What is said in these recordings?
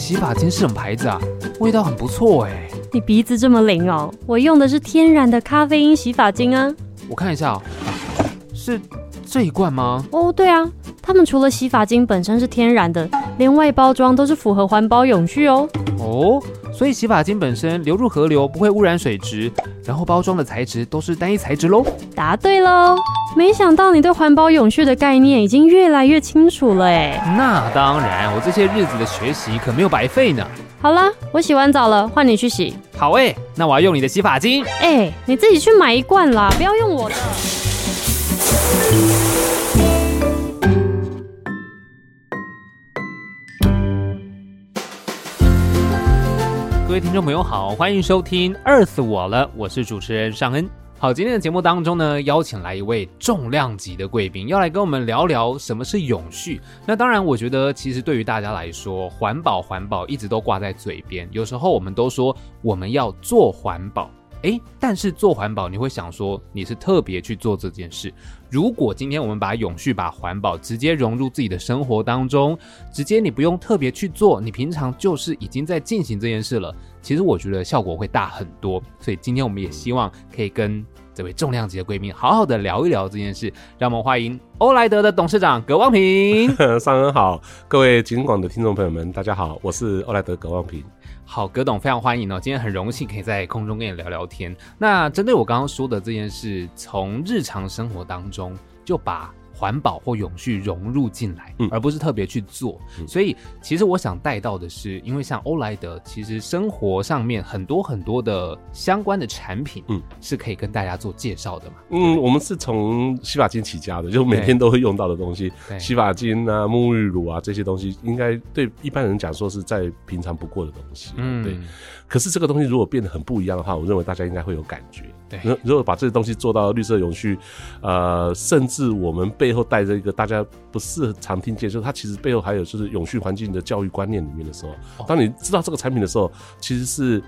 洗髮精是什麼牌子啊？味道很不錯誒、欸。你鼻子這麼靈哦！我用的是天然的咖啡因洗髮精啊！我看一下、啊，是這一罐嗎？哦，對啊，他們除了洗髮精本身是天然的，連外包裝都是符合環保永續哦。哦，所以洗髮精本身流入河流不會污染水質，然後包裝的材質都是單一材質嘍。答對嘍！沒想到你對環保永續的概念已經越來越清楚了誒！那當然，我這些日子的學習可沒有白費呢。好了，我洗完澡了，換你去洗。好誒、欸，那我要用你的洗髮精。哎、欸，你自己去買一罐啦，不要用我的。各位聽眾朋友好，歡迎收聽，EARTH 我了，我是主持人尚恩。好，今天的節目當中呢，邀請來一位重量級的貴賓，要來跟我們聊聊什麼是永續。那當然，我覺得其實對於大家來說，環保環保一直都掛在嘴邊，有時候我們都說我們要做環保，誒，但是做環保你會想說你是特別去做這件事。如果今天我們把永續、把環保直接融入自己的生活當中，直接你不用特別去做，你平常就是已經在進行這件事了。其實我覺得效果會大很多，所以今天我們也希望可以跟這位重量級的貴賓好好的聊一聊這件事。讓我們歡迎歐萊德的董事長葛望平。三 人好，各位警廣的聽眾朋友們，大家好，我是歐萊德葛望平。好，葛董非常歡迎哦，今天很榮幸可以在空中跟你聊聊天。那針對我剛剛說的這件事，從日常生活當中就把。環保或永續融入進來，嗯，而不是特別去做，嗯、所以其實我想帶到的是，因為像歐萊德，其實生活上面很多很多的相關的產品，嗯，是可以跟大家做介紹的嘛。嗯，對對我們是從洗髮精起家的，就每天都會用到的東西，對洗髮精啊、沐浴乳啊這些東西，應該對一般人講說是再平常不過的東西，嗯，對。可是這個東西如果變得很不一樣的話，我認為大家應該會有感覺。對，如如果把這些東西做到綠色永續，呃，甚至我們被背後帶着一個大家不是常聽見，就是它其實背後還有就是永續環境的教育觀念裡面的時候，當你知道這個產品的時候，其實是。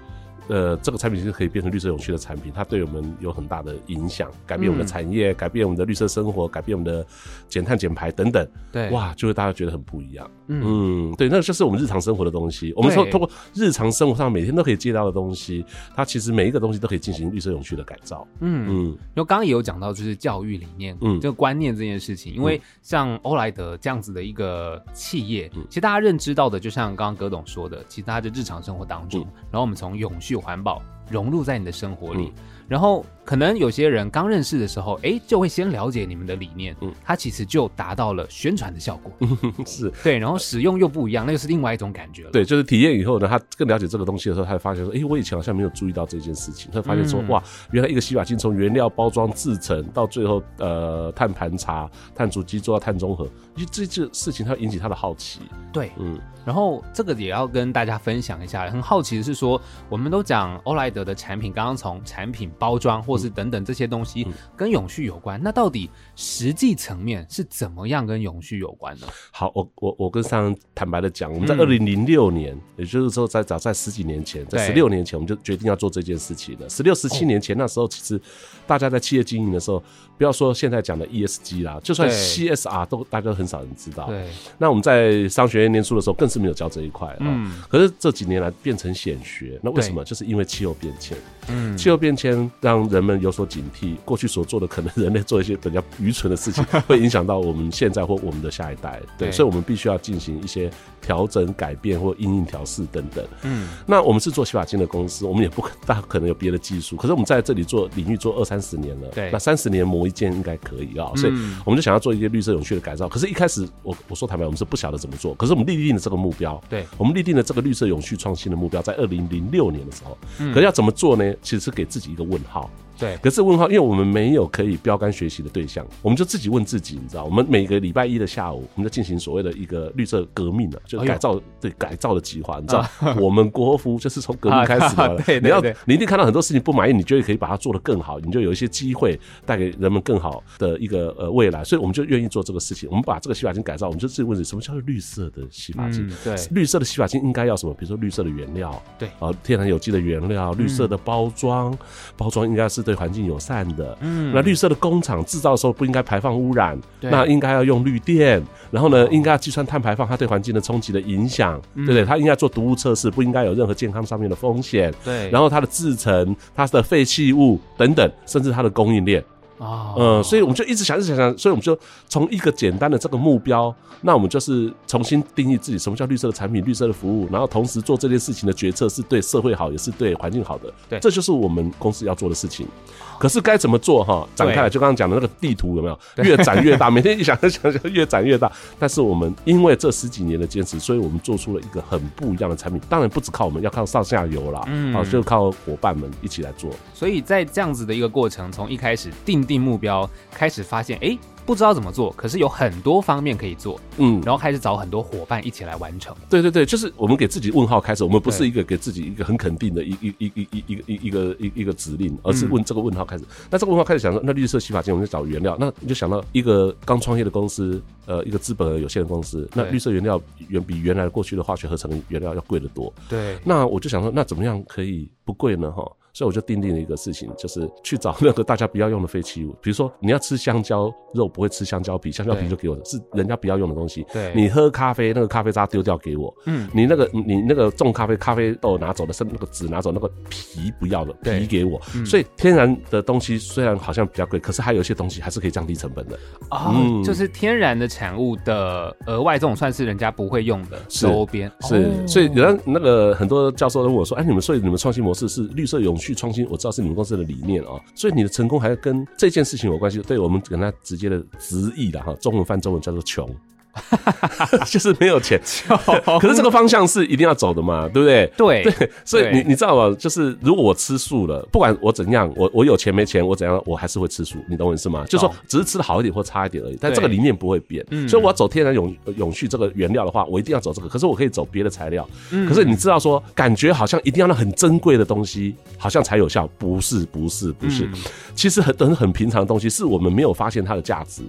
呃，這個產品其實可以變成綠色永續的產品，它對我們有很大的影響，改變我們的產業、嗯，改變我們的綠色生活，改變我們的減碳減排等等。對哇，就會大家覺得很不一樣。嗯，嗯對，那個就是我們日常生活的東西。我們說通過日常生活上每天都可以借到的東西，它其實每一個東西都可以進行綠色永續的改造。嗯嗯，因為剛剛也有講到就是教育理念，嗯，這個觀念這件事情，嗯、因為像歐萊德這樣子的一個企業，嗯、其實大家認知到的，就像剛剛葛董說的，其實它的日常生活當中，嗯、然後我們從永續。環保融入在你的生活裡，嗯、然後。可能有些人剛認識的時候，哎、欸，就會先了解你們的理念，嗯，它其實就達到了宣傳的效果，是，對，然後使用又不一樣，那個是另外一種感覺了，對，就是體驗以後呢，他更了解這個東西的時候，他會發現說，哎、欸，我以前好像沒有注意到這件事情，他發現說、嗯，哇，原來一個洗髮精從原料包裝製成到最後，呃，碳盤查、碳足跡做到碳中和，就這這事情，它引起他的好奇，對，嗯，然後這個也要跟大家分享一下，很好奇的是說，我們都講歐萊德的產品，剛剛從產品包裝。或是等等這些東西跟永續有關，嗯、那到底實際層面是怎麼樣跟永續有關呢？好，我我我跟上人坦白的講、嗯，我們在二零零六年，也就是說在早在十幾年前，在十六年前，我們就決定要做這件事情了。十六、十七年前那時候，其實大家在企業經營的時候、哦，不要說現在講的 ESG 啦，就算 CSR 都大概很少人知道。對。那我們在商學院念書的時候，更是沒有教這一塊、哦。嗯。可是這幾年來變成顯學，那為什麼？就是因為氣候變遷。嗯。氣候變遷讓人。人們有所警惕，過去所做的可能人類做一些比較愚蠢的事情，會影響到我們現在或我們的下一代。 對，所以，我們必須要進行一些調整、改變或因應用調試等等。嗯，那我們是做洗髮精的公司，我們也不大可能有別的技術。可是，我們在這裡做領域做二三十年了，對，那三十年磨一劍應該可以啊、喔。所以，我們就想要做一些綠色、永續的改造。可是，一開始我我說坦白，我們是不曉得怎麼做。可是，我們立定了這個目標，對，我們立定了這個綠色、永續創新的目標，在二零零六年的時候，可是要怎麼做呢？其實是給自己一個問號。對，可是問號，因為我們沒有可以標桿學習的對象，我們就自己問自己，你知道，我們每個禮拜一的下午，我們就進行所謂的一個綠色革命了、啊，就改造、哎、對改造的計劃，你知道，啊、我們國父就是從革命開始的，啊、你要、啊啊、對對對、你要，你一定看到很多事情不滿意，你就可以把它做得更好，你就有一些機會帶給人們更好的一個呃未來，所以我們就願意做這個事情，我們把這個洗髮精改造，我們就自己問自己，什麼叫做綠色的洗髮精、嗯？對，綠色的洗髮精應該要什麼？比如說綠色的原料，對，呃、天然有機的原料，綠色的包裝、嗯，包裝應該是。對環境友善的，嗯，那綠色的工廠制造的時候不應該排放污染，那應該要用綠電，然後呢，哦、應該要計算碳排放，它對環境的衝擊的影響、嗯，對不對，對？它應該做毒物測試，不應該有任何健康上面的風險，對。然後它的製程、它的廢棄物等等，甚至它的供應鏈。啊、oh.，嗯，所以我們就一直想一直想想，所以我們就從一個簡單的這個目標，那我們就是重新定義自己什麼叫綠色的產品、綠色的服務，然後同時做這件事情的決策是對社會好，也是對環境好的。對，這就是我們公司要做的事情。Oh. 可是該怎麼做？哈，展開來就剛剛講的那個地圖有沒有？對，越展越大，每天一想就想想越展越大。 但是我們因為這十幾年的堅持，所以我們做出了一個很不一樣的產品。當然不只靠我們，要靠上下游啦，嗯，啊，就靠夥伴們一起來做。所以在這樣子的一個過程，從一開始定,定。定目標，開始發現，哎、欸，不知道怎麼做，可是有很多方面可以做，嗯，然後開始找很多夥伴一起來完成。對對對，就是我們給自己問號開始，我們不是一個給自己一個很肯定的一一一一一一個一一個一個一個指令，而是問這個問號開始。嗯、那這個問號開始想說，那綠色洗髮精我們就找原料，那你就想到一個剛創業的公司，呃，一個資本有限的公司，那綠色原料遠比原來過去的化學合成原料要貴得多。對，那我就想說，那怎麼樣可以不貴呢？哈。所以我就訂定，定了一個事情，就是去找那個大家不要用的廢棄物，比如說你要吃香蕉肉，不會吃香蕉皮，香蕉皮就給我的是人家不要用的東西。對，你喝咖啡，那個咖啡渣丟掉給我。嗯，你那個你那個種咖啡咖啡豆，拿走的是那個籽，拿走那個皮，不要的皮給我、嗯。所以天然的東西雖然好像比較貴，可是還有一些東西還是可以降低成本的。啊、哦嗯，就是天然的產物的額外這種算是人家不會用的周邊。是，是、哦，所以有人，那個很多教授都問我說，哎，你們所以你們創新模式是綠色永。去創新，我知道是你們公司的理念啊、哦，所以你的成功還要跟這件事情有關係。對我們跟他直接的直譯的哈，中文翻中文叫做窮。哈哈，就是沒有錢， 可是這個方向是一定要走的嘛，對不對？對對， 所以你你知道吧？就是如果我吃素了，不管我怎樣，我我有錢沒錢，我怎樣，我還是會吃素，你懂我意思嗎？就是說只是吃的好一點或差一點而已，但這個理念不會變。所以我要走天然永永續這個原料的話，我一定要走這個，可是我可以走別的材料。可是你知道說，感覺好像一定要那很珍貴的東西，好像才有效，不是？不是？不是？其實很很很平常的東西，是我們沒有發現它的價值。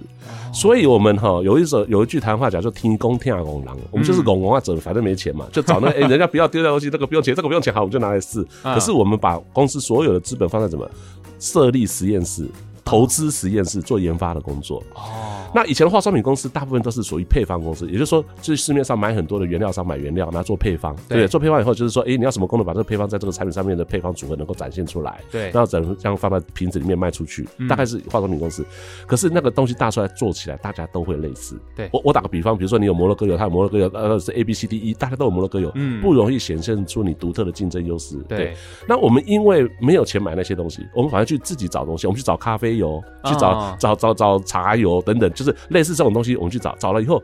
所以，我們哈有一首有一句台。話講說聽功聽啊，攻我們就是搞文化者，反正沒錢嘛，就找那哎、個欸，人家不要丟掉東西，這個不用錢， 這個不用錢，好，我們就拿來試。可是我們把公司所有的資本放在什麼設立實驗室？投資實驗室、oh. 做研發的工作哦。Oh. 那以前的化妝品公司大部分都是屬於配方公司，也就是說，去市面上買很多的原料商買原料，拿做配方。對，對對做配方以後就是說，哎、欸，你要什麼功能，把這個配方在這個產品上面的配方組合能夠展現出來。對，然後整這樣放在瓶子裡面賣出去，大概是化妝品公司、嗯。可是那個東西大出來做起來，大家都會類似。對，我我打個比方，比如說你有摩洛哥油，他有摩洛哥油，呃，是 A B C D E，大家都有摩洛哥油、嗯，不容易顯現出你獨特的競爭優勢。對，那我們因為沒有錢買那些東西，我們反而去自己找東西，我們去找咖啡。油去找找找找，找茶油等等，就是類似這種東西，我們去找找了以後，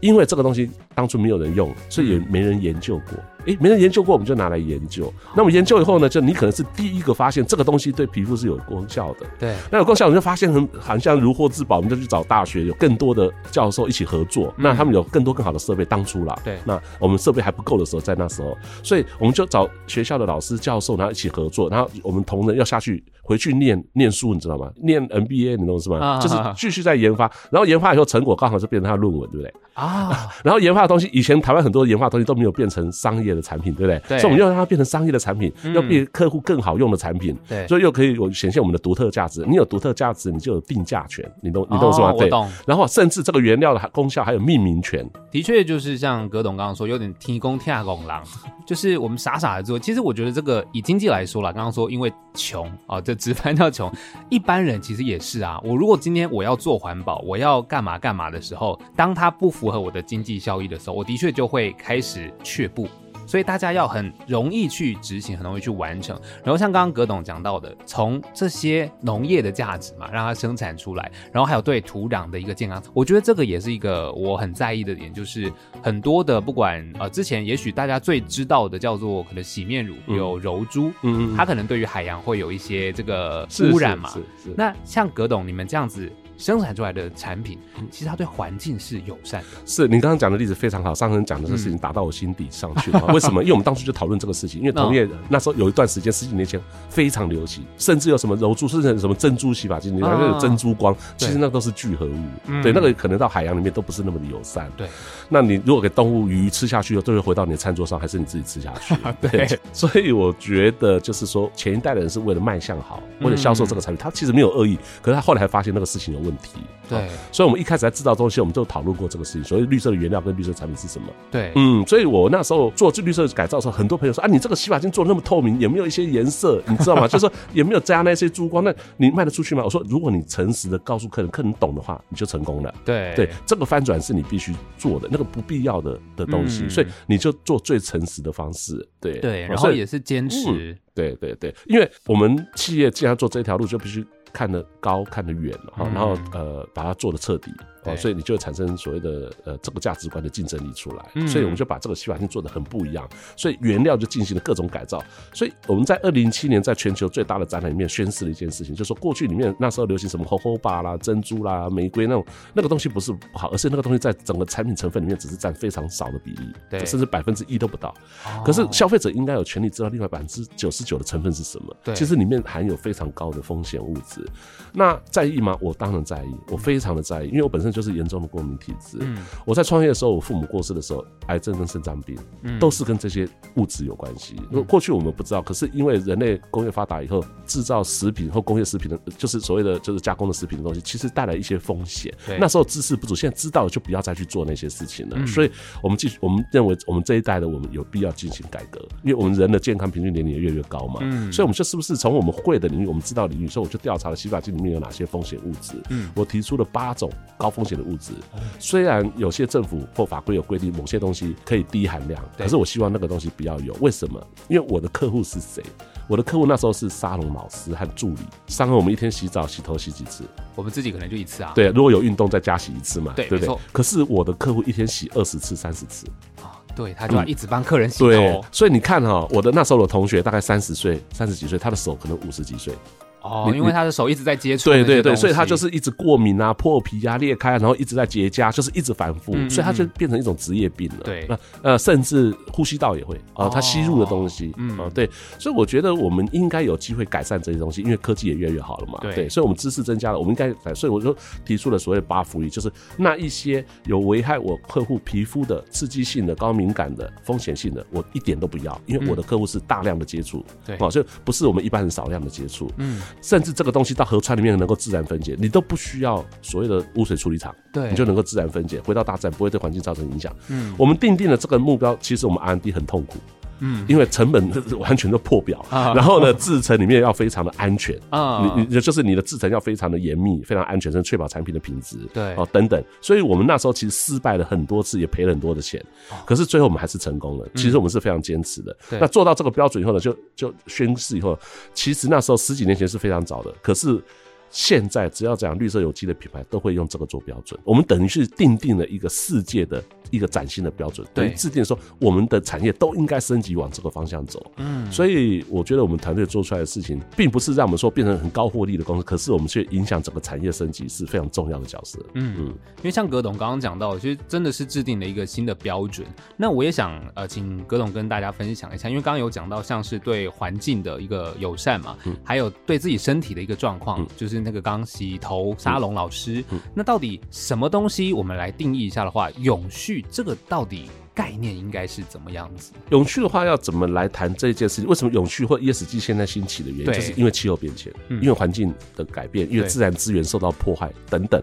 因為這個東西當初沒有人用，所以也沒人研究過。嗯誒，沒人研究過，我們就拿來研究。那麼研究以後呢，就你可能是第一個發現這個東西對皮膚是有功效的。對。那有功效，我們就發現很好像如獲至寶，我們就去找大學有更多的教授一起合作，嗯。那他們有更多更好的設備。當初啦，對。那我們設備還不夠的時候，在那時候，所以我們就找學校的老師教授，然後一起合作。然後我們同仁要下去回去念念書，你知道嗎？念 NBA 你懂是嗎？啊？就是繼續在研發。啊啊、然後研發以後成果剛好就變成他的論文，對不對？啊。 然後研發的東西，以前台灣很多研發的東西都沒有變成商業。的產品對不對？對。所以我們要讓它變成商業的產品，嗯、要比客戶更好用的產品，對，所以又可以我顯現我們的獨特價值。你有獨特價值，你就有定價權。你、都、哦、你都說懂，你懂是我對，然後甚至這個原料的功效還有命名權，的確就是像葛董剛剛說，有點天公疼憨人 就是我們傻傻的做。其實我覺得這個以經濟來說了，剛剛說因為窮啊，這、哦、直翻到窮，一般人其實也是啊。我如果今天我要做環保，我要幹嘛幹嘛的時候，當它不符合我的經濟效益的時候，我的確就會開始卻步。所以大家要很容易去執行，很容易去完成。然後像剛剛葛董講到的，從這些農業的價值嘛，讓它生產出來，然後還有對土壤的一個健康，我覺得這個也是一個我很在意的點，就是很多的不管呃之前也許大家最知道的叫做可能洗面乳有柔珠，嗯，嗯它可能對於海洋會有一些這個污染嘛。是，是，是，是那像葛董你們這樣子。生產出來的產品，嗯、其實它對環境是友善的。是你剛剛講的例子非常好，上次你講的這個事情，打到我心底上去了。嗯、 為什麼？因為我們當初就討論這個事情，因為同業、哦、那時候有一段時間十幾年前非常流行，甚至有什麼柔珠，甚至有什麼珍珠洗髮精，裡面有珍珠光，哦、其實那都是聚合物，對、嗯，對，那個可能到海洋裡面都不是那麼的友善、嗯。對，那你如果給動物魚吃下去，都會回到你的餐桌上，還是你自己吃下去？嗯、對，所以我覺得就是說，前一代的人是為了賣相好，嗯、為了銷售這個產品，他其實沒有惡意，可是他後來還發現那個事情有問。問題對，所以我們一開始在製造東西，我們就討論過這個事情。所以綠色的原料跟綠色產品是什麼？對，嗯，所以我那時候做這綠色的改造的時候，很多朋友說：“啊，你這個洗髮精做得那麼透明，也沒有一些顏色，你知道嗎？ 就是說也沒有加那些珠光，那你賣得出去嗎？”我說：“如果你誠實的告訴客人，客人懂的話，你就成功了。對”對對，這個翻轉是你必須做的，那個不必要的的東西、嗯，所以你就做最誠實的方式。對對，然後也是堅持、嗯。對對對，因爲我們企業既然做這條路，就必須。看得高，看得遠，然後、嗯、呃，把它做得徹底。哦，所以你就會產生所謂的呃這個價值觀的競爭力出來、嗯，所以我們就把這個洗髮精做得很不一樣，所以原料就進行了各種改造。所以我們在二零一七年在全球最大的展覽裡面宣示了一件事情，就說過去裡面那時候流行什麼荷荷巴啦、珍珠啦、玫瑰那種那個東西不是不好，而是那個東西在整個產品成分裡面只是占非常少的比例，對，甚至百分之一都不到。哦、可是消費者應該有權利知道另外百分之九十九的成分是什麼，對，其實裡面含有非常高的風險物質，那在意嗎？我當然在意，我非常的在意，因為我本身。就是嚴重的過敏體質。嗯，我在創業的時候，我父母過世的時候，癌症跟腎臟病都是跟這些物質有關係。過去我們不知道，可是因為人類工業發達以後，制造食品或工業食品的，就是所謂的就是加工的食品的東西，其實帶來一些風險。那時候知識不足，現在知道了就不要再去做那些事情了。所以，我們繼續，我們認為我們這一代的我們有必要進行改革，因為我們人的健康平均年齡也越越高嘛。嗯，所以我們就是不是從我們會的領域，我們知道領域，所以我就調查了洗髮精裡面有哪些風險物質。嗯，我提出了八種高。風險的物質，雖然有些政府或法規有規定某些東西可以低含量，可是我希望那個東西不要有。為什麼？因為我的客戶是誰？我的客戶那時候是沙龍老師和助理。上個我們一天洗澡、洗頭洗幾次？我們自己可能就一次啊。對，如果有運動再加洗一次嘛，對，對不對？沒錯。可是我的客戶一天洗二十次、三十次啊。哦，對，他就一直幫客人洗頭。嗯。對，所以你看哈、哦，我的那時候的同學大概三十歲、三十幾歲，他的手可能五十幾歲。哦、oh，因為他的手一直在接觸，對對對，所以他就是一直過敏啊，破皮啊，裂開，啊，然後一直在結痂，就是一直反覆、嗯，所以他就變成一種職業病了。嗯、對，那呃，甚至呼吸道也會啊，他、呃哦、吸入的東西，哦、嗯、啊，對，所以我覺得我們應該有機會改善這些東西，因為科技也越來越好了嘛。對，對所以我們知識增加了，我們應該，所以我就提出了所謂 8Free，就是那一些有危害我客戶皮膚的、刺激性的、高敏感的、風險性的，我一點都不要，因為我的客戶是大量的接觸、嗯啊，對，就不是我們一般很少量的接觸，嗯。甚至這個東西到河川裡面能夠自然分解，你都不需要所謂的污水處理廠，對，你就能夠自然分解，回到大自然，不會對環境造成影響。嗯，我們定定了這個目標，其實我們 R&D 很痛苦。嗯，因為成本完全都破表，嗯、然後呢、哦，製程裡面要非常的安全啊、哦，你就是你的製程要非常的嚴密，非常安全，甚至確保產品的品質，對，哦，等等。所以我們那時候其實失敗了很多次，也賠了很多的錢，哦，可是最後我們還是成功了。嗯，其實我們是非常堅持的。對，那做到這個標準以後呢，就就宣誓以後，其實那時候十幾年前是非常早的，可是。現在只要講綠色有機的品牌，都會用這個做標準。我們等於是定定了一個世界的一個嶄新的標準，等於制定說我們的產業都應該升級往這個方向走。嗯，所以我覺得我們團隊做出來的事情，並不是讓我們說變成很高獲利的公司，可是我們卻影響整個產業升級是非常重要的角色。嗯嗯，因為像葛董剛剛講到，其實真的是制定了一個新的標準。那我也想呃，請葛董跟大家分享一下，因為剛剛有講到像是對環境的一個友善嘛，還有對自己身體的一個狀況，嗯，就是。那個剛洗頭沙龍老師、嗯嗯，那到底什麼東西？我們來定義一下的話，永續這個到底概念應該是怎麼樣子？永續的話要怎麼來談這件事情？為什麼永續或 ESG 現在興起的原因，就是因為氣候變遷、嗯，因為環境的改變，因為自然資源受到破壞等等。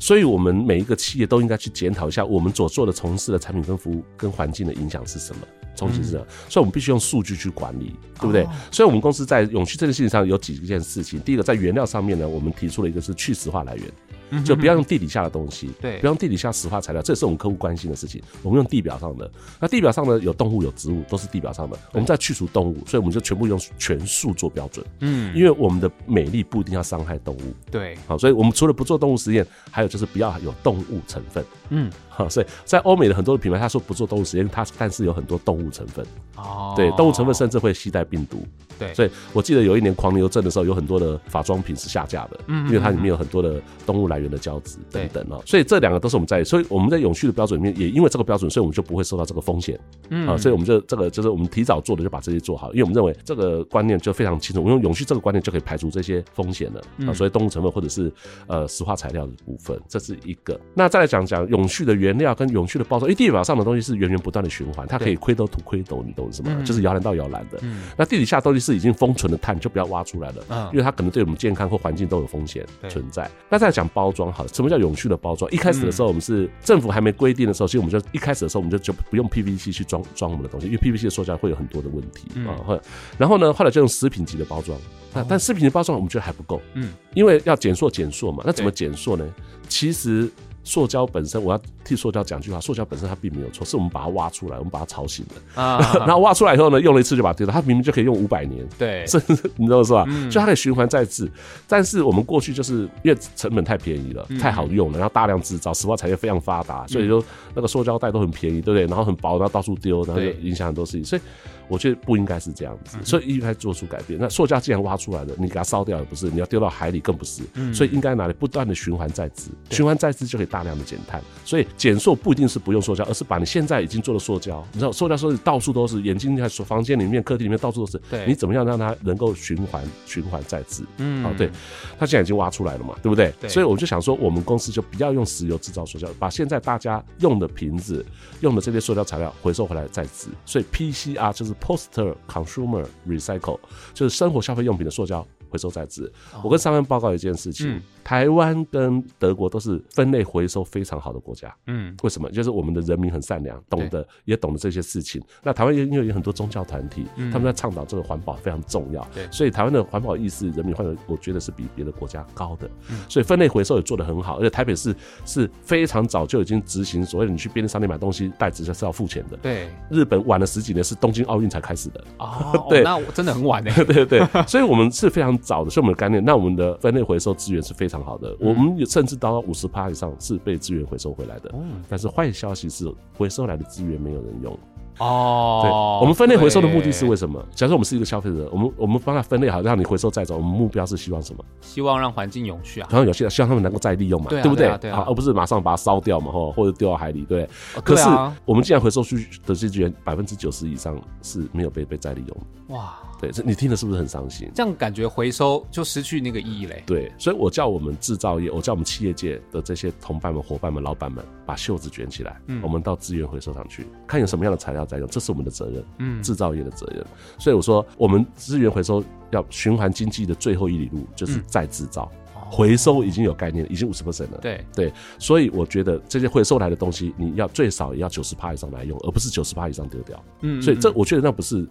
所以我們每一個企業都應該去檢討一下，我們所做的、從事的產品跟服務跟環境的影響是什麼。東西是，所以我們必須用數據去管理，對不對？哦、所以我們公司在永續這件事情上有幾件事情。第一個，在原料上面呢，我們提出了一個是去石化來源、嗯，就不要用地底下的東西，對，不要用地底下石化材料，這也是我們客戶關心的事情。我們用地表上的，那地表上的有動物有植物，都是地表上的。我們在去除動物，所以我們就全部用全素做標準。嗯，因為我們的美麗不一定要傷害動物。對，好，所以我們除了不做動物實驗，還有就是不要有動物成分。嗯，好，啊，所以在歐美的很多品牌，他說不做動物實驗，他但是有很多動物成分哦，對，動物成分甚至會攜帶病毒，對，所以我記得有一年狂牛症的時候，有很多的化妝品是下架的，嗯哼，嗯哼，因為它裡面有很多的動物來源的膠質等等啊，所以這兩個都是我們在，所以我們在永續的標準裡面也因為這個標準，所以我們就不會受到這個風險，嗯，啊，所以我們就這個就是我們提早做的就把這些做好，因為我們認為這個觀念就非常清楚，我們用永續這個觀念就可以排除這些風險了，嗯。啊，所以動物成分或者是呃石化材料的部分，這是一個，那再來講講永。永續的原料跟永續的包裝，因為，地表上的東西是源源不斷的循環，它可以虧都土虧都，你懂是嗎？嗯、就是搖籃到搖籃的、嗯。那地底下的東西是已經封存的碳，就不要挖出來了、嗯，因為它可能對我們健康或環境都有風險、嗯、存在。那再講包裝好了，什麼叫永續的包裝？一開始的時候，我們是、嗯、政府還沒規定的時候，其實我們就一開始的時候我們就就不用 PVC 去裝裝我們的東西，因為 PVC 的塑膠會有很多的問題、嗯嗯、然後呢，後來就用食品級的包裝、哦。但食品級包裝我們覺得還不夠、嗯，因為要減塑減塑嘛。那怎麼減塑呢？其實。塑膠本身，我要替塑膠講句話。塑膠本身它並沒有錯，是我們把它挖出來，我們把它吵醒了啊。Uh -huh. 然後挖出來以後呢，用了一次就把它丟了。它明明就可以用五百年，對，是， 你知道是吧、嗯？就它可以循環再制。但是我們過去就是因為成本太便宜了，嗯、太好用了，然後大量制造，石化產業非常發達，所以就那個塑膠袋都很便宜，對不對？然後很薄，然後到處丟，然後就影響很多事情。所以我覺得不應該是這樣子，所以應該做出改變。嗯、那塑膠既然挖出來了，你給它燒掉也不是？你要丟到海裡更不是。嗯、所以應該拿來不斷的循環再制，循環再制就可以大量的減碳，所以減塑不一定是不用塑膠，而是把你現在已經做的塑膠，你知道，塑膠所以到處都是，眼睛裡面、房間裡面、客廳裡面到處都是。對，你怎麼樣讓它能夠循環、循環再制？嗯，好，對。它現在已經挖出來了嘛，對不對？嗯、對。所以我就想說，我們公司就不要用石油制造塑膠，把現在大家用的瓶子、用的這些塑膠材料回收回來再制。所以 PCR 就是 Post Consumer Recycle，就是生活消費用品的塑膠。回收再製，哦，我跟上面報告一件事情，嗯、台灣跟德國都是分類回收非常好的國家。嗯，為什麼？就是我們的人民很善良，懂得也懂得這些事情。那台灣因為有很多宗教團體、嗯，他們在倡導這個環保非常重要，對，所以台灣的環保的意識，人民或者我覺得是比別的國家高的。所以分類回收也做的很好，而且台北市是非常早就已經執行所謂的你去便利商店買東西袋子是要付錢的。對，日本晚了十幾年，是東京奧運才開始的哦。 對，哦、那我真的很晚 對對對，所以我們是非常。找的，所以我們的概念，那我們的分類回收資源是非常好的，嗯、我們有甚至到五十趴以上是被資源回收回來的。哦、但是壞消息是，回收來的資源沒有人用哦。對，我們分類回收的目的是為什麼？假設我們是一個消費者，我們我們幫他分類好，讓你回收再走。我們目標是希望什麼？希望讓環境永續啊。然後有些人希望他們能夠再利用嘛，對、啊、對不對？而、啊啊啊、不是馬上把它燒掉嘛，或或者丟到海裡，對。哦對啊、可是我們既然回收出去的資源百分之九十以上是沒有被被再利用。哇。對，這你聽的是不是很傷心？這樣感覺回收就失去那個意義嘞、欸。對，所以，我叫我們制造業，我叫我們企業界的這些同伴們、夥伴們、老板們，把袖子捲起來。嗯，我們到資源回收上去，看有什麼樣的材料在用，這是我們的責任。嗯，制造業的責任、嗯。所以我說，我們資源回收要循環經濟的最後一里路，就是再制造、嗯。回收已經有概念，已經五十 percent 了。對、嗯、對，所以我覺得這些回收來的東西，你要最少也要九十趴以上來用，而不是九十趴以上丟掉。嗯，嗯，嗯，所以這我覺得那不是。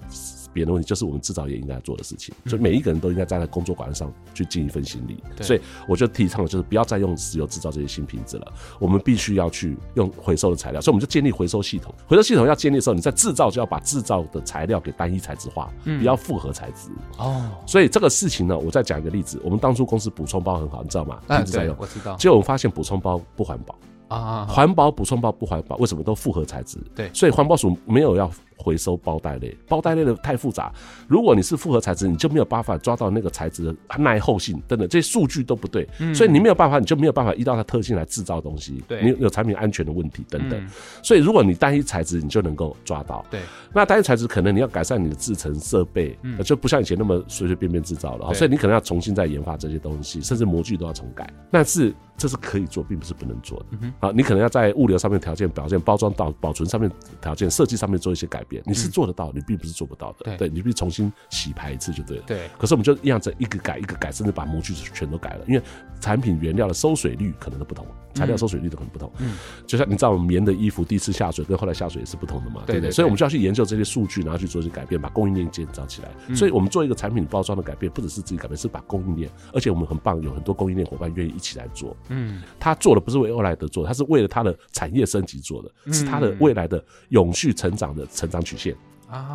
別的問題就是我們製造業應該做的事情，所、嗯、以每一個人都應該站在工作崗位上去盡一份心力。所以我就提倡的就是不要再用石油製造這些新瓶子了，我們必須要去用回收的材料，所以我們就建立回收系統。回收系統要建立的時候，你在製造就要把製造的材料給單一材質化，不、嗯、要複合材質哦。所以這個事情呢，我再講一個例子，我們當初公司補充包很好，你知道嗎？一、啊、直在用，我知道。結果我們發現補充包不環保啊，環保補充包不環保，為什麼都複合材質？對，所以環保署沒有要。回收包袋類，包袋類的太複雜。如果你是複合材質，你就沒有辦法抓到那個材質的耐候性、等等，這些數據都不對，嗯嗯，所以你沒有辦法，你就沒有辦法依照它特性來制造東西，對你有，有有產品安全的問題等等。嗯、所以如果你單一材質，你就能夠抓到。對，那單一材質可能你要改善你的制程設備，就不像以前那麼隨隨便便制造了，所以你可能要重新再研發這些東西，甚至模具都要重改。但是這是可以做，並不是不能做的。啊、嗯，你可能要在物流上面條件、表現、包裝、到保存上面條件、設計上面做一些改變，你是做得到，嗯、你並不是做不到的。對，對你必須重新洗牌一次就對了。對，可是我們就一樣子，一個改一個改，甚至把模具全都改了，因為產品原料的收水率可能都不同。材料縮水率都很不同，嗯嗯，就像你知道，我們棉的衣服第一次下水跟後來下水也是不同的嘛，對不對，對？所以我們就要去研究這些數據，然後去做一些改變，把供應鏈建造起來，嗯。所以我們做一個產品包裝的改變，不只是自己改變，是把供應鏈，而且我們很棒，有很多供應鏈夥伴願意一起來做。嗯，他做的不是為歐萊德做，他是為了他的產業升級做的，是他的未來的永續成長的成長曲線。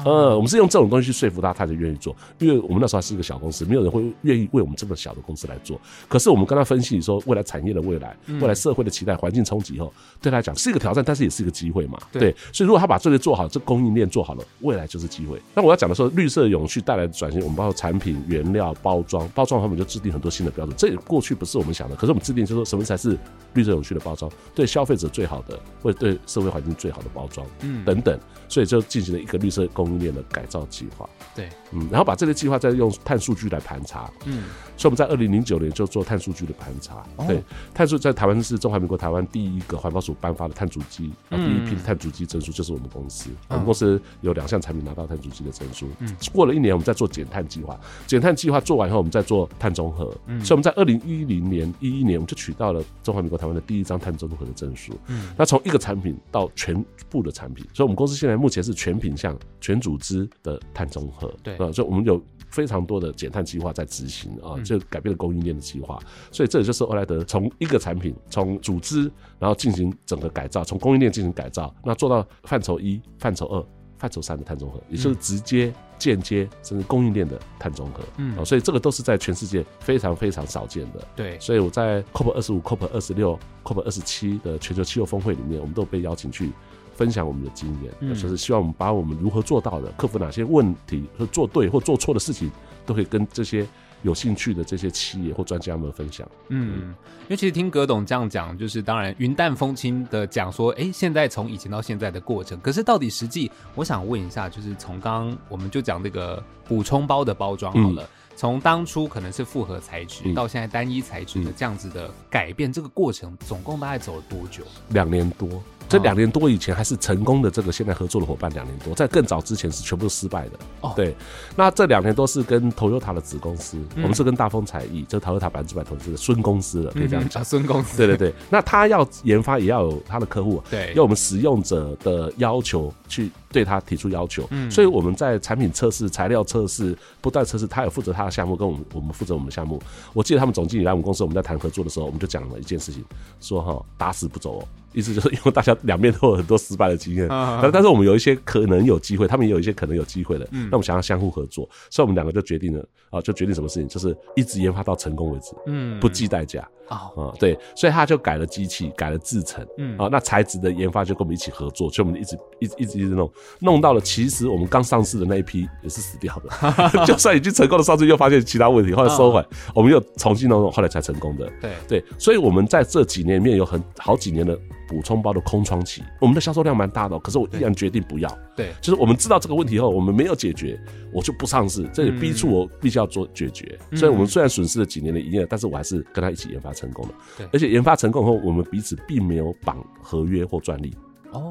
呃，我們是用這種東西去說服他，他就願意做。因為我們那時候還是一個小公司，沒有人會願意為我們這麼小的公司來做。可是我們跟他分析說，未來產業的未來，未來社會的期待，環境衝擊以後，對他來講是一個挑戰，但是也是一個機會嘛。對，所以如果他把這個做好，這個供應鏈做好了，未來就是機會。那我要講的說，綠色永續帶來的轉型，我們包括產品、原料、包裝，包裝他們就制定很多新的標準。這也過去不是我們想的，可是我們制定就是說什麼才是綠色永續的包裝，對消費者最好的，或者對社會環境最好的包裝，嗯，等等。所以就進行了一個綠色。供應鏈的改造計劃，對，嗯，然後把這個計劃再用碳數據來盤查，嗯。所以我們在二零零九年就做碳數據的盤查，oh. 對，碳數在台灣是中華民國台灣第一個環保署頒發的碳足跡、嗯，第一批的碳足跡證書就是我們公司，嗯、我們公司有兩項產品拿到碳足跡的證書。嗯、過了一年我們再做減碳計劃，減碳計劃做完以後我們再做碳中和、嗯。所以我們在二零一零年一一年我們就取到了中華民國台灣的第一張碳中和的證書、嗯。那從一個產品到全部的產品，所以我們公司現在目前是全品項、全組織的碳中和。對，啊、所以我們有。非常多的減碳計劃在執行啊，就改變了供應鏈的計劃、嗯，所以這也就是歐萊德從一個產品、從組織，然後進行整個改造，從供應鏈進行改造，那做到範疇一、範疇二、範疇三的碳中和，也就是直接、嗯、間接甚至供應鏈的碳中和。嗯、啊，所以這個都是在全世界非常非常少見的。對，所以我在 COP 二十五、COP 二十六、COP 二十七的全球氣候峰會裡面，我們都被邀請去分享我們的經驗，就是希望我們把我們如何做到的，嗯、克服哪些問題和做對或做錯的事情，都可以跟這些有興趣的這些企業或專家們分享嗯。嗯，因為其實聽葛董這樣講，就是當然雲淡風輕的講說，哎、欸，現在從以前到現在的過程，可是到底實際，我想問一下，就是從剛我們就講那個補充包的包裝好了，從、嗯、當初可能是複合材質、嗯、到現在單一材質的這樣子的改變，這個過程、嗯、總共大概走了多久？兩年多。這兩年多以前還是成功的這個現在合作的伙伴，兩年多在更早之前是全部都失敗的。哦、對，那這兩年都是跟 Toyota 的子公司、嗯，我們是跟大風彩藝，就 Toyota 百分之百投資的孫公司了，可以這樣講。孫、嗯啊、公司，對對對，那他要研發也要有他的客戶、啊，對，用我們使用者的要求去。對他提出要求，所以我們在產品測試、材料測試、不斷測試。他有負責他的項目，跟我們我們負責我們的項目。我記得他們總經理來我們公司，我們在談合作的時候，我們就講了一件事情，說哈打死不走、哦，意思就是因為大家兩邊都有很多失敗的經驗，但、哦、但是我們有一些可能有機會，他們也有一些可能有機會的。嗯、那我們想要相互合作，所以我們兩個就決定了啊，就決定什麼事情，就是一直研發到成功為止，嗯，不計代價啊、哦，對，所以他就改了機器，改了製程，嗯啊，那材質的研發就跟我們一起合作，所以我們一直一,一,一直一直一直那種。弄到了，其實我們剛上市的那一批也是死掉的。 就算已經成功的上市，又發現其他問題，後來收回我們又重新弄，弄，後來才成功的。對，所以我們在這幾年裡面有很好幾年的補充包的空窗期。我們的銷售量蠻大的，喔，可是我依然決定不要。對，就是我們知道這個問題後，我們沒有解決，我就不上市。這也逼出我必須要做解決。所以我們雖然損失了幾年的營業，但是我還是跟他一起研發成功的。對，而且研發成功後，我們彼此並沒有綁合約或專利。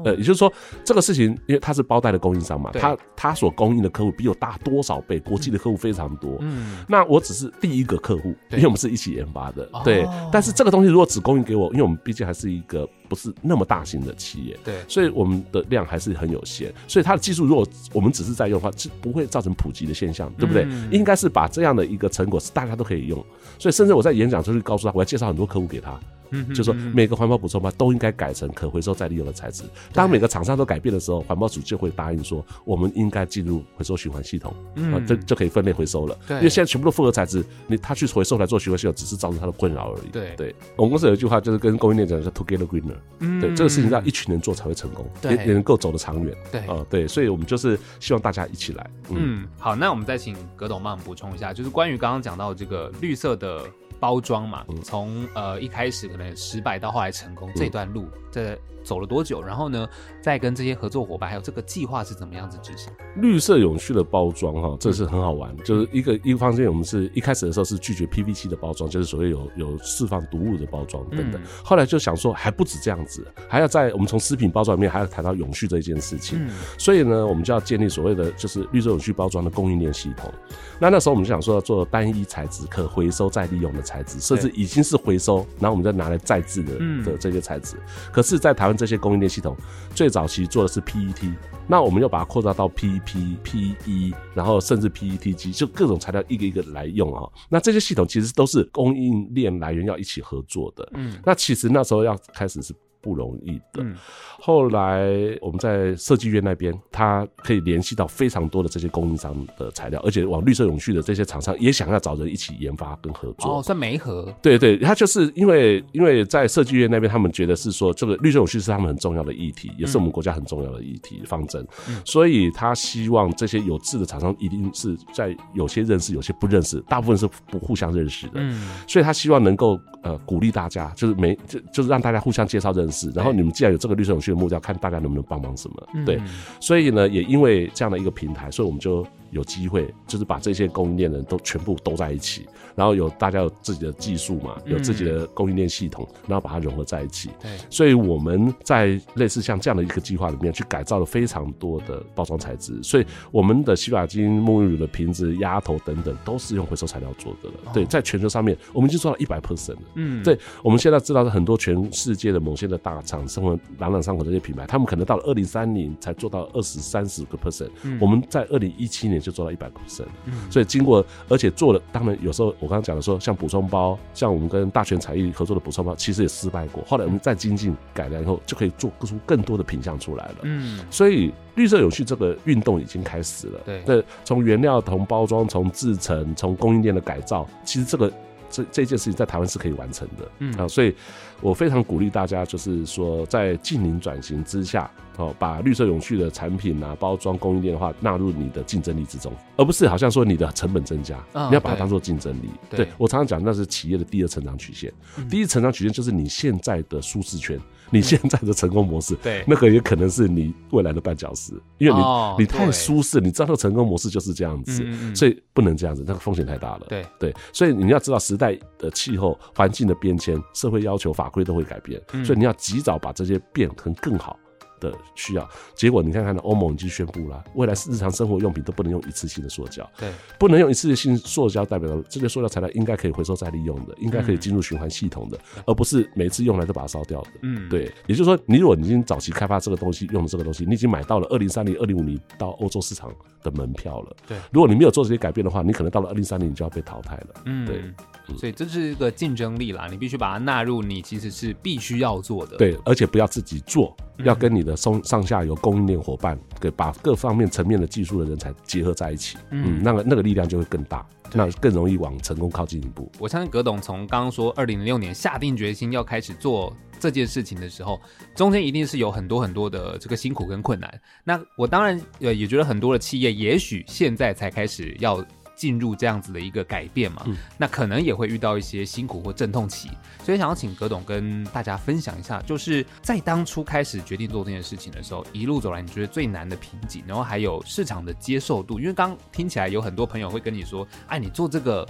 呃、嗯，也就是說，這個事情，因為它是包帶的供應商嘛，它它所供應的客戶比我大多少倍？國際的客戶非常多。嗯，那我只是第一個客戶，因為我們是一起研發的、哦。對，但是這個東西如果只供應給我，因為我們畢竟還是一個不是那麼大型的企業，對，所以我們的量還是很有限。所以它的技術，如果我們只是在用的話，是不會造成普及的現象，對不對？嗯、應該是把這樣的一個成果是大家都可以用。所以，甚至我在演講時候就告訴他，我要介紹很多客戶給他。嗯，嗯，就是、說每個環保補充包都應該改成可回收再利用的材質。當每個廠商都改變的時候，環保署就會答應說，我們應該進入回收循環系統，嗯，啊、就就可以分類回收了。對，因為現在全部都複合材質，你他去回收來做循環系統，只是造成他的困擾而已。對對，我們公司有一句話，就是跟供應鏈講叫 “together greener”、嗯。嗯，嗯，對，這個事情讓一群人做才會成功，也也能夠走得長遠。對呃，對，所以我們就是希望大家一起來。嗯，嗯好，那我們再請葛董幫我們補充一下，就是關於剛剛講到這個綠色的。包裝嘛，從呃一開始可能失敗，到後來成功，嗯、這段路這走了多久？然後呢？再跟這些合作夥伴，還有這個計劃是怎麼樣子執行？綠色永續的包裝，哦，哈，這是很好玩。嗯、就是一個、嗯、一方面，我們是一開始的時候是拒絕 PVC 的包裝，就是所謂有有釋放毒物的包裝等等。嗯、後來就想說，還不止這樣子，還要在我們從食品包裝裡面還要談到永續這一件事情，嗯。所以呢，我們就要建立所謂的就是綠色永續包裝的供應鏈系統。那那時候我們就想說，要做單一材質可回收再利用的材質，甚至已經是回收，嗯、然後我們再拿來再製的，嗯、的這個材質。可是，在台灣。這些供應鏈系統最早其實做的是 PET，那我們又把它擴大到 PP、PE，然後甚至 PETG，就各種材料一個一個來用啊、哦。那這些系統其實都是供應鏈來源要一起合作的。嗯，那其實那時候要開始是。不容易的、嗯。後來我們在設計院那邊，他可以聯繫到非常多的這些供應商的材料，而且往綠色永續的這些廠商也想要找人一起研發跟合作。哦，算媒合。對對、對，他就是因為因為在設計院那邊，他們覺得是說這個綠色永續是他們很重要的議題，嗯、也是我們國家很重要的議題方針、嗯，所以他希望這些有志的廠商一定是在有些認識，有些不認識，嗯、大部分是不互相認識的。嗯，所以他希望能夠。呃，鼓勵大家，就是沒，就就是讓大家互相介紹認識，然後你們既然有這個綠色永續的目標，看大家能不能幫忙什麼，嗯、對，所以呢，也因為這樣的一個平台，所以我們就。有機會，就是把這些供應鏈的人都全部都在一起，然後有大家有自己的技術嘛，有自己的供應鏈系統，然後把它融合在一起，嗯。對，所以我們在類似像這樣的一個計劃裡面，去改造了非常多的包裝材質，所以我們的洗髮精、沐浴乳的瓶子、鴨頭等等，都是用回收材料做的了，哦。對，在全球上面，我們已經做到一百 percent 了。嗯，對，我們現在知道的很多全世界的某些的大廠，生活朗朗上口的這些品牌，他們可能到了二零三零才做到二十三十個 percent。我們在二零一七年。就做到一百升所以經過，而且做了，當然有時候我剛剛講的說，像補充包，像我們跟大泉彩藝合作的補充包，其實也失敗過。後來我們再精進改良以後，就可以做出更多的品項出來了。嗯，所以綠色有趣這個運動已經開始了。對，從原料、從包裝、從製程、從供應鏈的改造，其實這個。這這件事情在台灣是可以完成的，嗯啊，所以我非常鼓勵大家，就是說在淨零轉型之下，哦，把綠色永續的產品啊、包裝供應鏈的話納入你的競爭力之中，而不是好像說你的成本增加，哦、你要把它當做競爭力。對，對，對我常常講，那是企業的第二成長曲線、嗯，第一成長曲線就是你現在的舒適圈。你現在的成功模式，嗯、對，那個也可能是你未來的絆腳石，因為你、哦、你太舒適，你知道成功模式就是這樣子、嗯，所以不能這樣子，那個風險太大了。嗯、對對，所以你要知道時代的氣候、環境的變遷、社會要求、法規都會改變、嗯，所以你要及早把這些變成更好的需要，結果你看看呢？歐盟已經宣布了，未來是日常生活用品都不能用一次性的塑膠，對，不能用一次性塑膠代表這個塑料材料應該可以回收再利用的，應該可以進入循環系統的、嗯，而不是每次用來都把它燒掉的。嗯，對。也就是說，你如果你已經早期開發這個東西，用的這個東西，你已經買到了二零三零、二零五零到歐洲市場的門票了。對，如果你沒有做這些改變的話，你可能到了二零三零，你就要被淘汰了。嗯，對。所以這是一個競爭力啦，你必須把它納入。你其實是必須要做的，對，而且不要自己做，要跟你、嗯。的上上下游供應鏈夥伴，給把各方面層面的技術的人才結合在一起，嗯，嗯，那個那個力量，就會更大，那更容易往成功靠近一步。我相信葛董從剛剛說二零零六年下定決心要開始做這件事情的時候，中間一定是有很多很多的這個辛苦跟困難。那我當然也覺得很多的企業也許現在才開始要。進入這樣子的一個改變嘛、嗯，那可能也會遇到一些辛苦或陣痛期，所以想要請葛董跟大家分享一下，就是在當初開始決定做這件事情的時候，一路走來你覺得最難的瓶頸，然後還有市場的接受度，因為剛聽起來有很多朋友會跟你說，哎、啊，你做這個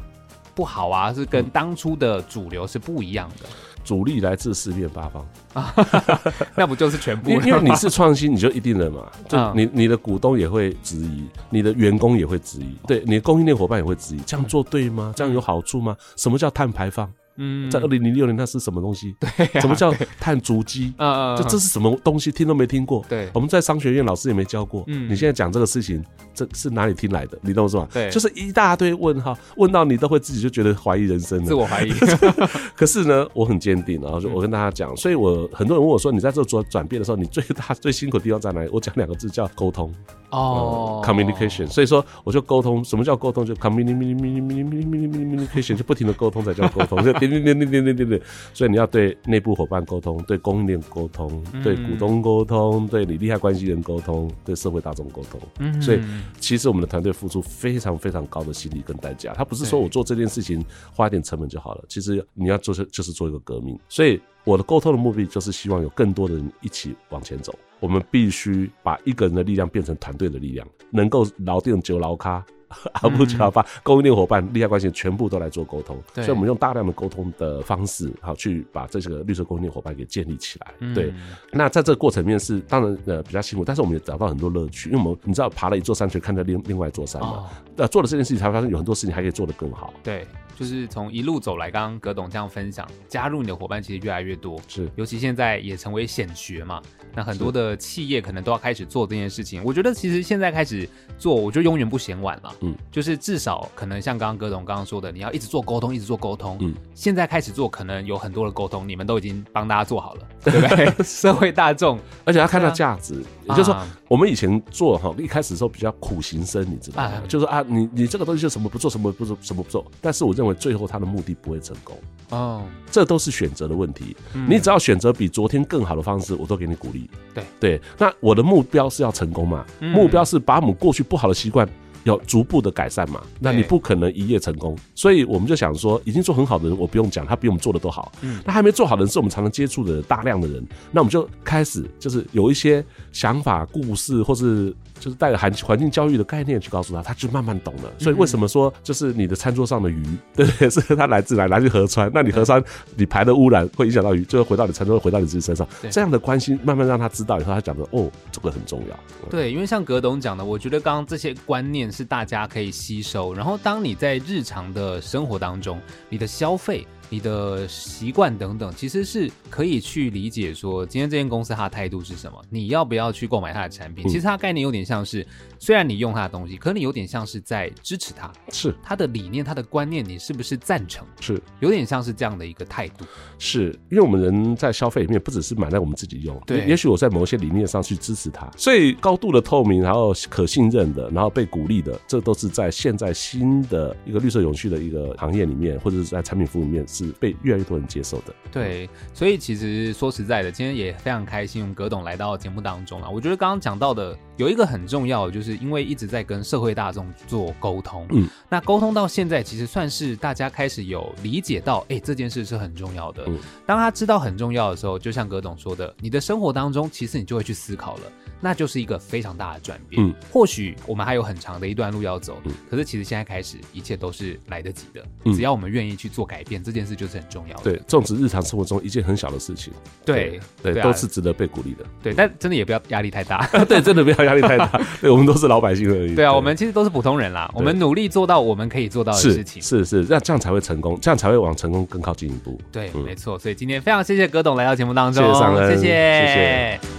不好啊，是跟當初的主流是不一樣的。嗯主力來自四面八方啊哈哈，啊， 那不就是全部？因為你是創新，你就一定了嘛。啊、就你，你的股東也會質疑，你的員工也會質疑，對，你的供應鏈夥伴也會質疑。這樣做對嗎？這樣有好處嗎？什麼叫碳排放？嗯，在二零零六年那是什麼東西？對、啊，什麼叫碳足跡啊？就這是什麼東西、嗯？聽都沒聽過。對，我們在商學院老師也沒教過。嗯，你現在講這個事情，這是哪裡聽來的？你懂我是吧？對，就是一大堆問號，問到你都會自己就覺得懷疑人生。自我懷疑。是 可是呢，我很堅定。然後就我跟大家講、嗯，所以我很多人問我說：“你在這轉轉變的時候，你最大最辛苦的地方在哪裡？”我講兩個字叫溝通。哦、嗯，communication。所以說我就溝通，什麼叫溝通？就 communication，就不停的溝通才叫溝通。 所以你要對內部夥伴溝通，對供應鏈溝通，對股東溝通，對你利害關係人溝通，對社會大眾溝通。嗯。所以其實我們的團隊付出非常非常高的心力跟代價。他不是說我做這件事情花一點成本就好了，其實你要做、就是、就是做一個革命。所以我的溝通的目的就是希望有更多的人一起往前走。我們必須把一個人的力量變成團隊的力量，能夠樓頂揪樓咖而、嗯啊、不就要把供應鏈夥伴、嗯、利害關係全部都來做溝通，所以我們用大量的溝通的方式，好去把這個綠色供應鏈夥伴給建立起來、嗯。對，那在這個過程裡面是當然呃比較辛苦，但是我們也找到很多樂趣，因為我們你知道爬了一座山去看到另另外一座山嘛，那、哦、做、呃、了這件事情才發現有很多事情還可以做得更好。對。就是從一路走來，剛剛葛董這樣分享，加入你的伙伴其實越來越多，是，尤其現在也成為顯學嘛，那很多的企業可能都要開始做這件事情。我覺得其實現在開始做，我覺得永遠不嫌晚嘛。嗯，就是至少可能像剛剛葛董剛剛說的，你要一直做溝通，一直做溝通。嗯，現在開始做，可能有很多的溝通，你們都已經幫大家做好了，嗯、對不對？ 社會大眾，而且要看到價值。也就是說、啊、我們以前做哈，一開始的時候比較苦行僧，你知道嗎、啊，就是啊，你你這個東西什麼不做什麼不做什麼不做，但是我認為最後他的目的不會成功哦，這都是選擇的問題、嗯。你只要選擇比昨天更好的方式，我都給你鼓勵。對對，那我的目標是要成功嘛，嗯、目標是把我們過去不好的習慣。要逐步的改善嘛，那你不可能一夜成功，所以我們就想說，已經做很好的人，我不用講，他比我們做的都好。嗯，那還沒做好的人是我們常常接觸的大量的人，嗯，那我們就開始就是有一些想法、故事，或是就是帶着環環境教育的概念去告訴他，他就慢慢懂了。所以為什麼說就是你的餐桌上的魚，嗯、對不對？是他來自來來自河川，那你河川、嗯、你排的污染會影響到魚，最後回到你餐桌，回到你自己身上。對，這樣的關心慢慢讓他知道以後，他講說哦，這個很重要。對，嗯、因為像葛董講的，我覺得剛剛這些觀念，是大家可以吸收，然後當你在日常的生活當中，你的消費、你的習慣等等，其實是可以去理解說，今天這間公司它的態度是什麼？你要不要去購買它的產品。嗯、其實它概念有點像是。雖然你用他的東西，可能你有點像是在支持他，是他的理念、他的觀念，你是不是贊成？是有點像是這樣的一個態度。是，因為我們人在消費裡面，不只是買來我們自己用，對也，也許我在某些理念上去支持他，所以高度的透明，然後可信任的，然後被鼓勵的，這都是在現在新的一個綠色永續的一個行業裡面，或者是在產品服務裡面，是被越來越多人接受的。對，所以其實說實在的，今天也非常開心，我們葛董來到節目當中啊，我覺得剛剛講到的。有一個很重要的，就是因為一直在跟社會大眾做溝通，嗯，那溝通到現在，其實算是大家開始有理解到，哎、欸，這件事是很重要的。當他知道很重要的時候，就像葛董說的，你的生活當中，其實你就會去思考了。那就是一個非常大的轉變。嗯，或許我們還有很長的一段路要走。嗯，可是其實現在開始，一切都是來得及的。嗯，只要我們願意去做改變，嗯，這件事就是很重要的。對，種植日常生活中一件很小的事情。對對，對、啊，都是值得被鼓勵的對、啊。對，但真的也不要壓力太大，嗯。對，真的不要壓力太大。 對，我們都是老百姓而已。對啊，對我們其實都是普通人啦。我們努力做到我們可以做到的事情。是是，這樣這樣才會成功，這樣才會往成功更靠近一步。對，嗯、沒錯。所以今天非常謝謝葛董來到節目當中，謝謝。謝謝謝謝謝謝。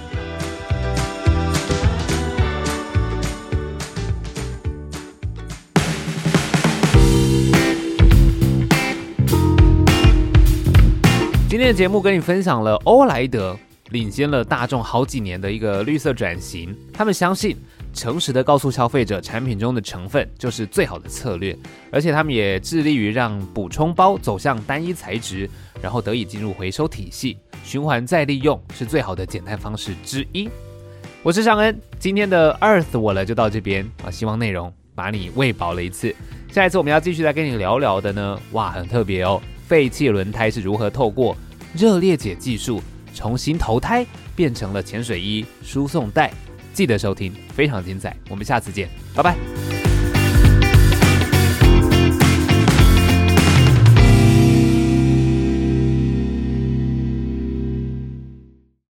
今天的節目跟你分享了歐萊德領先了大眾好幾年的一個綠色轉型。他們相信，誠實的告訴消費者產品中的成分就是最好的策略。而且他們也致力於讓補充包走向單一材質，然後得以進入回收體系，循環再利用是最好的減碳方式之一。我是尚恩，今天的 Earth 我了就到這邊啊，希望內容把你餵飽了一次。下一次我們要繼續來跟你聊聊的呢，哇，很特別哦，廢棄輪胎是如何透過。熱裂解技術重新投胎，變成了潛水衣輸送帶。記得收聽，非常精彩。我們下次見，拜拜。